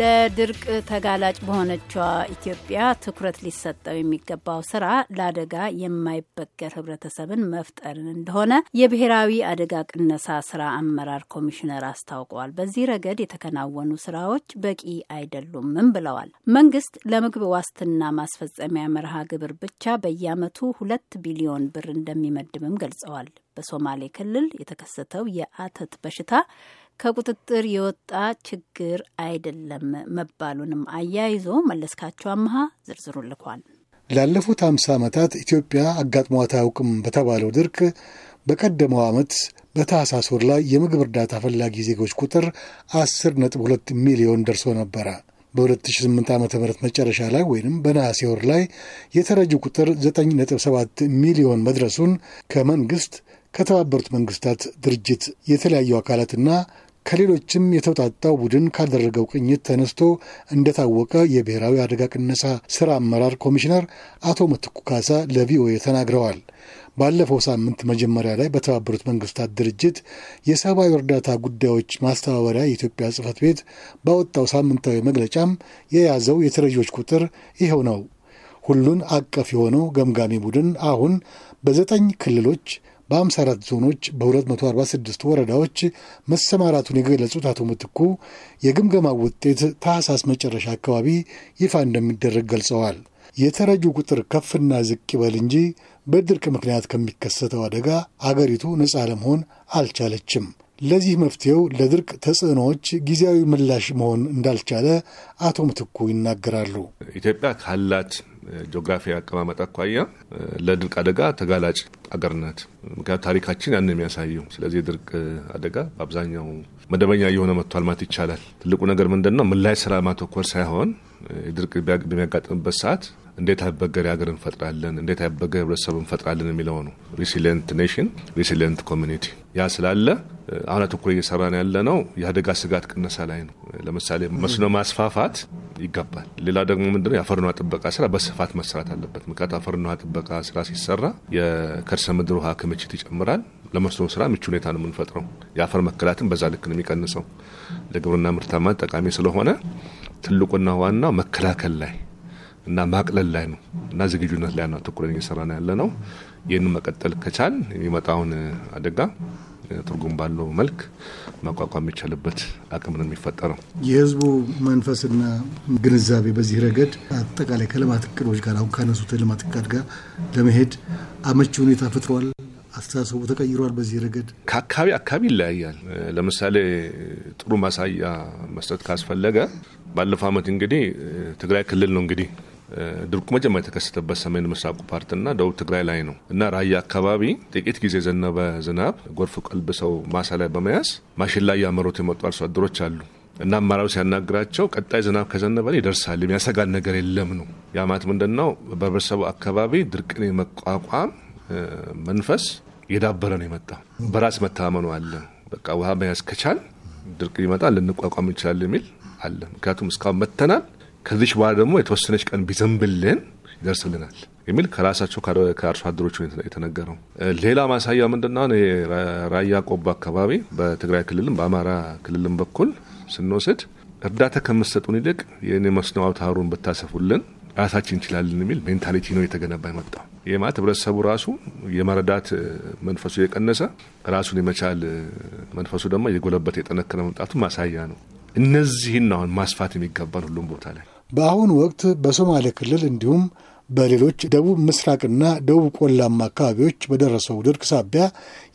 ለድርቅ ተጋላጭ በሆነችዋ ኢትዮጵያ ትኩረት ሊሰጠው የሚገባው ስራ ለአደጋ የማይበገር ህብረተሰብን መፍጠርን እንደሆነ የብሔራዊ አደጋ ቅነሳ ስራ አመራር ኮሚሽነር አስታውቀዋል። በዚህ ረገድ የተከናወኑ ስራዎች በቂ አይደሉምም ብለዋል። መንግስት ለምግብ ዋስትና ማስፈጸሚያ መርሃ ግብር ብቻ በየዓመቱ ሁለት ቢሊዮን ብር እንደሚመድብም ገልጸዋል። በሶማሌ ክልል የተከሰተው የአተት በሽታ ከቁጥጥር የወጣ ችግር አይደለም መባሉንም አያይዞ መለስካቸው አምሃ ዝርዝሩ ልኳል። ላለፉት ሃምሳ ዓመታት ኢትዮጵያ አጋጥሟት አያውቅም በተባለው ድርቅ በቀደመው ዓመት በታህሳስ ወር ላይ የምግብ እርዳታ ፈላጊ ዜጎች ቁጥር 10.2 ሚሊዮን ደርሶ ነበረ። በ2008 ዓ ም መጨረሻ ላይ ወይም በነሐሴ ወር ላይ የተረጂ ቁጥር 9.7 ሚሊዮን መድረሱን ከመንግሥት ከተባበሩት መንግስታት ድርጅት የተለያዩ አካላትና ከሌሎችም የተውጣጣው ቡድን ካደረገው ቅኝት ተነስቶ እንደታወቀ የብሔራዊ አደጋ ቅነሳ ስራ አመራር ኮሚሽነር አቶ ምትኩ ካሳ ለቪኦኤ ተናግረዋል። ባለፈው ሳምንት መጀመሪያ ላይ በተባበሩት መንግስታት ድርጅት የሰብአዊ እርዳታ ጉዳዮች ማስተባበሪያ የኢትዮጵያ ጽህፈት ቤት ባወጣው ሳምንታዊ መግለጫም የያዘው የተረጂዎች ቁጥር ይኸው ነው። ሁሉን አቀፍ የሆነው ገምጋሚ ቡድን አሁን በዘጠኝ ክልሎች በ54 ዞኖች በ246 ወረዳዎች መሰማራቱን የገለጹት አቶ ምትኩ የግምገማ ውጤት ታህሳስ መጨረሻ አካባቢ ይፋ እንደሚደረግ ገልጸዋል። የተረጁ ቁጥር ከፍና ዝቅ ይበል እንጂ በድርቅ ምክንያት ከሚከሰተው አደጋ አገሪቱ ነፃ ለመሆን አልቻለችም። ለዚህ መፍትሄው ለድርቅ ተጽዕኖዎች ጊዜያዊ ምላሽ መሆን እንዳልቻለ አቶ ምትኩ ይናገራሉ። ኢትዮጵያ ካላት ጂኦግራፊ አቀማመጥ አኳያ ለድርቅ አደጋ ተጋላጭ አገር ናት። ምክንያቱ ታሪካችን ያን የሚያሳየው። ስለዚህ የድርቅ አደጋ በአብዛኛው መደበኛ እየሆነ መጥቷል ማለት ይቻላል። ትልቁ ነገር ምንድን ነው? ምላሽ ስራ ማተኮር ሳይሆን ድርቅ በሚያጋጥምበት ሰዓት እንዴት አይበገር ሀገር እንፈጥራለን፣ እንዴት አይበገር ህብረተሰብ እንፈጥራለን የሚለው ነው። ሪሲሊንት ኔሽን፣ ሪሲሊንት ኮሚኒቲ። ያ ስላለ አሁን አትኩሮ እየሰራ ያለ ነው የአደጋ ስጋት ቅነሳ ላይ ነው። ለምሳሌ መስኖ ማስፋፋት ይገባል። ሌላ ደግሞ ምንድነው የአፈርና ጥበቃ ስራ በስፋት መሰራት አለበት። ምክንያቱ አፈርና ጥበቃ ስራ ሲሰራ የከርሰ ምድር ውሃ ክምችት ይጨምራል። ለመስኖ ስራ ምቹ ሁኔታ ነው የምንፈጥረው። የአፈር መከላትን በዛ ልክ ነው የሚቀንሰው። ለግብርና ምርታማን ጠቃሚ ስለሆነ ትልቁና ዋናው መከላከል ላይ እና ማቅለል ላይ ነው እና ዝግጁነት ላይ ነው ትኩረት እየሰራ ነው ያለ ነው። ይህን መቀጠል ከቻል የሚመጣውን አደጋ ትርጉም ባለው መልክ ማቋቋም የሚቻልበት አቅም ነው የሚፈጠረው። የህዝቡ መንፈስና ግንዛቤ በዚህ ረገድ አጠቃላይ ከልማት እቅዶች ጋር አሁን ካነሱት ልማት እቅድ ጋር ለመሄድ አመቺ ሁኔታ ፈጥሯል። አስተሳሰቡ ተቀይሯል። በዚህ ረገድ ከአካባቢ አካባቢ ይለያያል። ለምሳሌ ጥሩ ማሳያ መስጠት ካስፈለገ ባለፈው አመት እንግዲህ ትግራይ ክልል ነው እንግዲህ ድርቁ መጀመሪያ የተከሰተበት ሰሜን ምስራቁ ፓርትና ደቡብ ትግራይ ላይ ነው እና ራያ አካባቢ ጥቂት ጊዜ የዘነበ ዝናብ ጎርፍ ቀልብሰው ማሳ ላይ በመያዝ ላይ እያመሩት የመጡ አርሶ አደሮች አሉ እና አማራዊ ሲያናግራቸው ቀጣይ ዝናብ ከዘነበ ይደርሳል የሚያሰጋን ነገር የለም ነው። የአማት ማለት ምንድን ነው? በህብረተሰቡ አካባቢ ድርቅን የመቋቋም መንፈስ እየዳበረ ነው የመጣ በራስ መተማመኑ አለ። በቃ ውሃ መያዝ ከቻል ድርቅ ይመጣል ልንቋቋም ይችላል የሚል አለ። ምክንያቱም እስካሁን መተናል ከዚች በኋላ ደግሞ የተወሰነች ቀን ቢዘንብልን ይደርስልናል የሚል ከራሳቸው ከአርሶ አደሮች የተነገረው። ሌላ ማሳያ ምንድነው? ራያ ቆቦ አካባቢ በትግራይ ክልልም በአማራ ክልልም በኩል ስንወስድ እርዳታ ከምሰጡን ይልቅ የኔ መስኖ አውታሩን ብታሰፉልን ራሳችን እንችላለን የሚል ሜንታሊቲ ነው የተገነባ የመጣው። ይህ ማለት ህብረተሰቡ ራሱ የመረዳት መንፈሱ የቀነሰ ራሱን የመቻል መንፈሱ ደግሞ የጎለበት የጠነከረ መምጣቱ ማሳያ ነው። እነዚህን አሁን ማስፋት የሚገባን ሁሉም ቦታ ላይ በአሁኑ ወቅት በሶማሌ ክልል እንዲሁም በሌሎች ደቡብ ምስራቅና ደቡብ ቆላማ አካባቢዎች በደረሰው ድርቅ ሳቢያ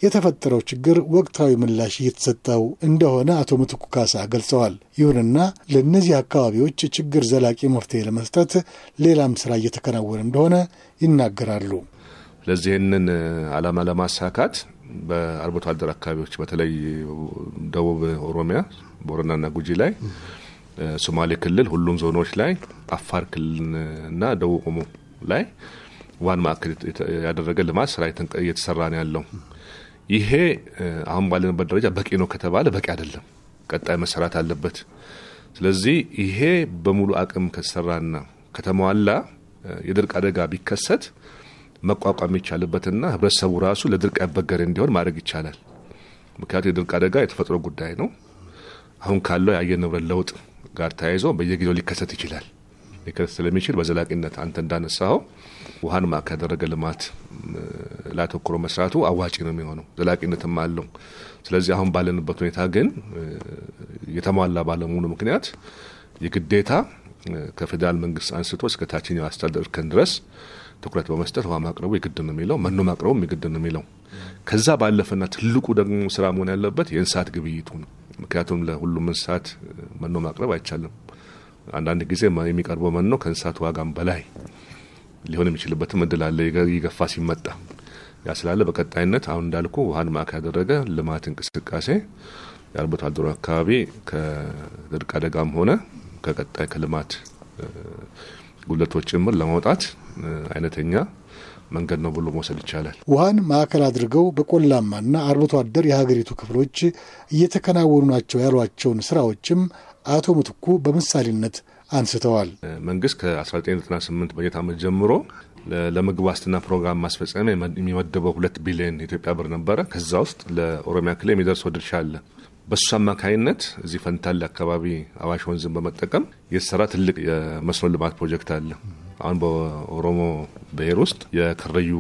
የተፈጠረው ችግር ወቅታዊ ምላሽ እየተሰጠው እንደሆነ አቶ ምትኩ ካሳ ገልጸዋል። ይሁንና ለእነዚህ አካባቢዎች ችግር ዘላቂ መፍትሄ ለመስጠት ሌላም ስራ እየተከናወነ እንደሆነ ይናገራሉ። ለዚህንን ዓላማ ለማሳካት በአርብቶ አደር አካባቢዎች በተለይ ደቡብ ኦሮሚያ ቦረናና ጉጂ ላይ፣ ሶማሌ ክልል ሁሉም ዞኖች ላይ፣ አፋር ክልልና ደቡብ ኦሞ ላይ ዋን ማዕከል ያደረገ ልማት ስራ እየተሰራ ነው ያለው። ይሄ አሁን ባለንበት ደረጃ በቂ ነው ከተባለ በቂ አይደለም፣ ቀጣይ መሰራት አለበት። ስለዚህ ይሄ በሙሉ አቅም ከተሰራና ከተሟላ የድርቅ አደጋ ቢከሰት መቋቋም ይቻልበትና ህብረተሰቡ ራሱ ለድርቅ ያበገረ እንዲሆን ማድረግ ይቻላል። ምክንያቱም የድርቅ አደጋ የተፈጥሮ ጉዳይ ነው። አሁን ካለው የአየር ንብረት ለውጥ ጋር ተያይዞ በየጊዜው ሊከሰት ይችላል። ሊከሰት ስለሚችል በዘላቂነት አንተ እንዳነሳኸው ውሃን ማዕከል ያደረገ ልማት ላተኩሮ መስራቱ አዋጭ ነው የሚሆነው፣ ዘላቂነትም አለው። ስለዚህ አሁን ባለንበት ሁኔታ ግን የተሟላ ባለመሆኑ ምክንያት የግዴታ ከፌዴራል መንግስት አንስቶ እስከ ታችኛው አስተዳደር እርከን ድረስ ትኩረት በመስጠት ውሃ ማቅረቡ የግድ ነው የሚለው መኖ ማቅረቡም የግድ ነው የሚለው። ከዛ ባለፈና ትልቁ ደግሞ ስራ መሆን ያለበት የእንስሳት ግብይቱ ነው። ምክንያቱም ለሁሉም እንስሳት መኖ ማቅረብ አይቻልም። አንዳንድ ጊዜ የሚቀርበው መኖ ከእንስሳት ዋጋም በላይ ሊሆን የሚችልበትም እድል አለ ይገፋ ሲመጣ ያ ስላለ በቀጣይነት አሁን እንዳልኩ ውሀን ማዕከል ያደረገ ልማት እንቅስቃሴ የአርብቶ አደሩ አካባቢ ከድርቅ አደጋም ሆነ ከቀጣይ ከልማት ጉለቶች ጭምር ለማውጣት አይነተኛ መንገድ ነው ብሎ መውሰድ ይቻላል። ውሃን ማዕከል አድርገው በቆላማና አርብቶ አደር የሀገሪቱ ክፍሎች እየተከናወኑ ናቸው ያሏቸውን ስራዎችም አቶ ምትኩ በምሳሌነት አንስተዋል። መንግስት ከ1998 በጀት ዓመት ጀምሮ ለምግብ ዋስትና ፕሮግራም ማስፈጸሚያ የሚመደበው ሁለት ቢሊዮን ኢትዮጵያ ብር ነበረ። ከዛ ውስጥ ለኦሮሚያ ክልል የሚደርሰው ድርሻ አለ። በሱ አማካይነት እዚህ ፈንታሌ አካባቢ አዋሽ ወንዝን በመጠቀም የተሰራ ትልቅ የመስኖ ልማት ፕሮጀክት አለ። አሁን በኦሮሞ ብሔር ውስጥ የክረዩ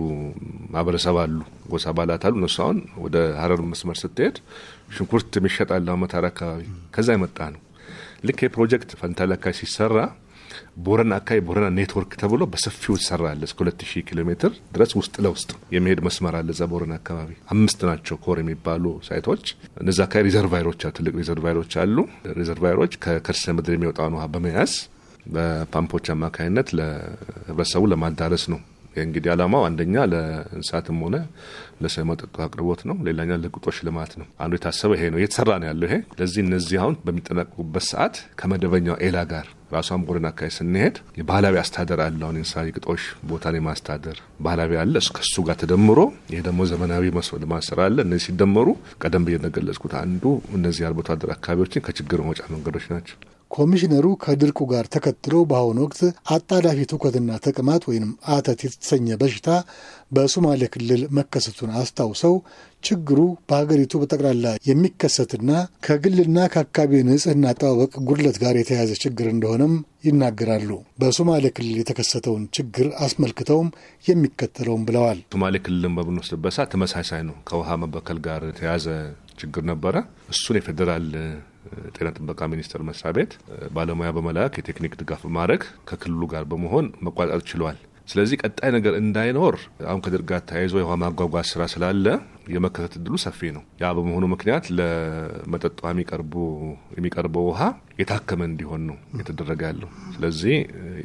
ማህበረሰብ አሉ፣ ጎሳ አባላት አሉ። እነሱ አሁን ወደ ሀረር መስመር ስትሄድ ሽንኩርት የሚሸጣል መተራ አካባቢ ከዛ የመጣ ነው። ልክ የፕሮጀክት ፈንታሌ አካባቢ ሲሰራ ቦረና አካባቢ ቦረና ኔትወርክ ተብሎ በሰፊው ይሰራ አለ። እስከ 2000 ኪሎ ሜትር ድረስ ውስጥ ለውስጥ የሚሄድ መስመር አለ። እዛ ቦረና አካባቢ አምስት ናቸው ኮር የሚባሉ ሳይቶች። እነዚ አካባቢ ሪዘርቫይሮች፣ ትልቅ ሪዘርቫይሮች አሉ። ሪዘርቫይሮች ከከርሰ ምድር የሚወጣውን ውሃ በመያዝ በፓምፖች አማካኝነት ለህብረተሰቡ ለማዳረስ ነው። እንግዲህ አላማው አንደኛ ለእንስሳትም ሆነ ለሰው መጠጥ አቅርቦት ነው። ሌላኛ ለግጦሽ ልማት ነው። አንዱ የታሰበ ይሄ ነው፣ እየተሰራ ነው ያለው ይሄ። ለዚህ እነዚህ አሁን በሚጠናቀቁበት ሰዓት ከመደበኛው ኤላ ጋር ራሷም ጎደን አካባቢ ስንሄድ የባህላዊ አስተዳደር አለ። አሁን እንስሳ ግጦሽ ቦታን የማስተዳደር ባህላዊ አለ። ከሱ ጋር ተደምሮ ይሄ ደግሞ ዘመናዊ ልማት ስራ አለ። እነዚህ ሲደመሩ ቀደም ብዬ እንደገለጽኩት አንዱ እነዚህ አርብቶ አደር አካባቢዎችን ከችግር መውጫ መንገዶች ናቸው። ኮሚሽነሩ ከድርቁ ጋር ተከትሎ በአሁኑ ወቅት አጣዳፊ ትውከትና ተቅማጥ ወይም አተት የተሰኘ በሽታ በሶማሌ ክልል መከሰቱን አስታውሰው ችግሩ በሀገሪቱ በጠቅላላ የሚከሰትና ከግልና ከአካባቢ ንጽህና አጠባበቅ ጉድለት ጋር የተያያዘ ችግር እንደሆነም ይናገራሉ። በሶማሌ ክልል የተከሰተውን ችግር አስመልክተውም የሚከተለውም ብለዋል። ሶማሌ ክልልን በምንወስድበት ሰዓት ተመሳሳይ ነው። ከውሃ መበከል ጋር የተያያዘ ችግር ነበረ። እሱን የፌዴራል ጤና ጥበቃ ሚኒስቴር መስሪያ ቤት ባለሙያ በመላክ የቴክኒክ ድጋፍ በማድረግ ከክልሉ ጋር በመሆን መቋጠር ችሏል። ስለዚህ ቀጣይ ነገር እንዳይኖር አሁን ከድርቅ ጋር ተያይዞ የውሃ ማጓጓዝ ስራ ስላለ የመከሰት እድሉ ሰፊ ነው። ያ በመሆኑ ምክንያት ለመጠጥ ውሃ የሚቀርበው ውሃ የታከመ እንዲሆን ነው የተደረገ ያለው። ስለዚህ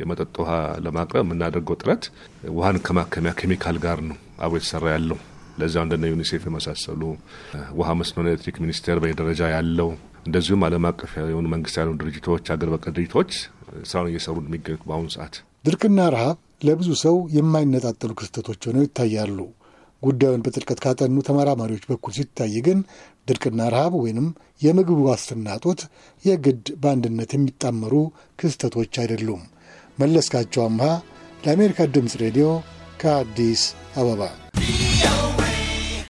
የመጠጥ ውሃ ለማቅረብ የምናደርገው ጥረት ውሃን ከማከሚያ ኬሚካል ጋር ነው አብሮ የተሰራ ያለው። ለዚያ እንደነ ዩኒሴፍ የመሳሰሉ ውሃ መስኖ ኤሌክትሪክ ሚኒስቴር በየደረጃ ያለው እንደዚሁም ዓለም አቀፍ የሆኑ መንግስት ያልሆኑ ድርጅቶች፣ አገር በቀል ድርጅቶች ስራውን እየሰሩ እንደሚገኙት በአሁኑ ሰዓት ድርቅና ረሃብ ለብዙ ሰው የማይነጣጠሉ ክስተቶች ሆነው ይታያሉ። ጉዳዩን በጥልቀት ካጠኑ ተመራማሪዎች በኩል ሲታይ ግን ድርቅና ረሃብ ወይንም የምግብ ዋስትና እጦት የግድ በአንድነት የሚጣመሩ ክስተቶች አይደሉም። መለስካቸው አምሃ ለአሜሪካ ድምፅ ሬዲዮ ከአዲስ አበባ